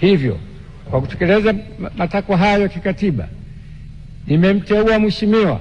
Hivyo, kwa kutekeleza matakwa hayo ya kikatiba, nimemteua mheshimiwa